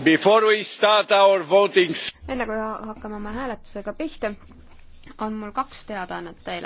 enne kui hakkame oma hääletusega pihta, on mul kaks teadaannet teile.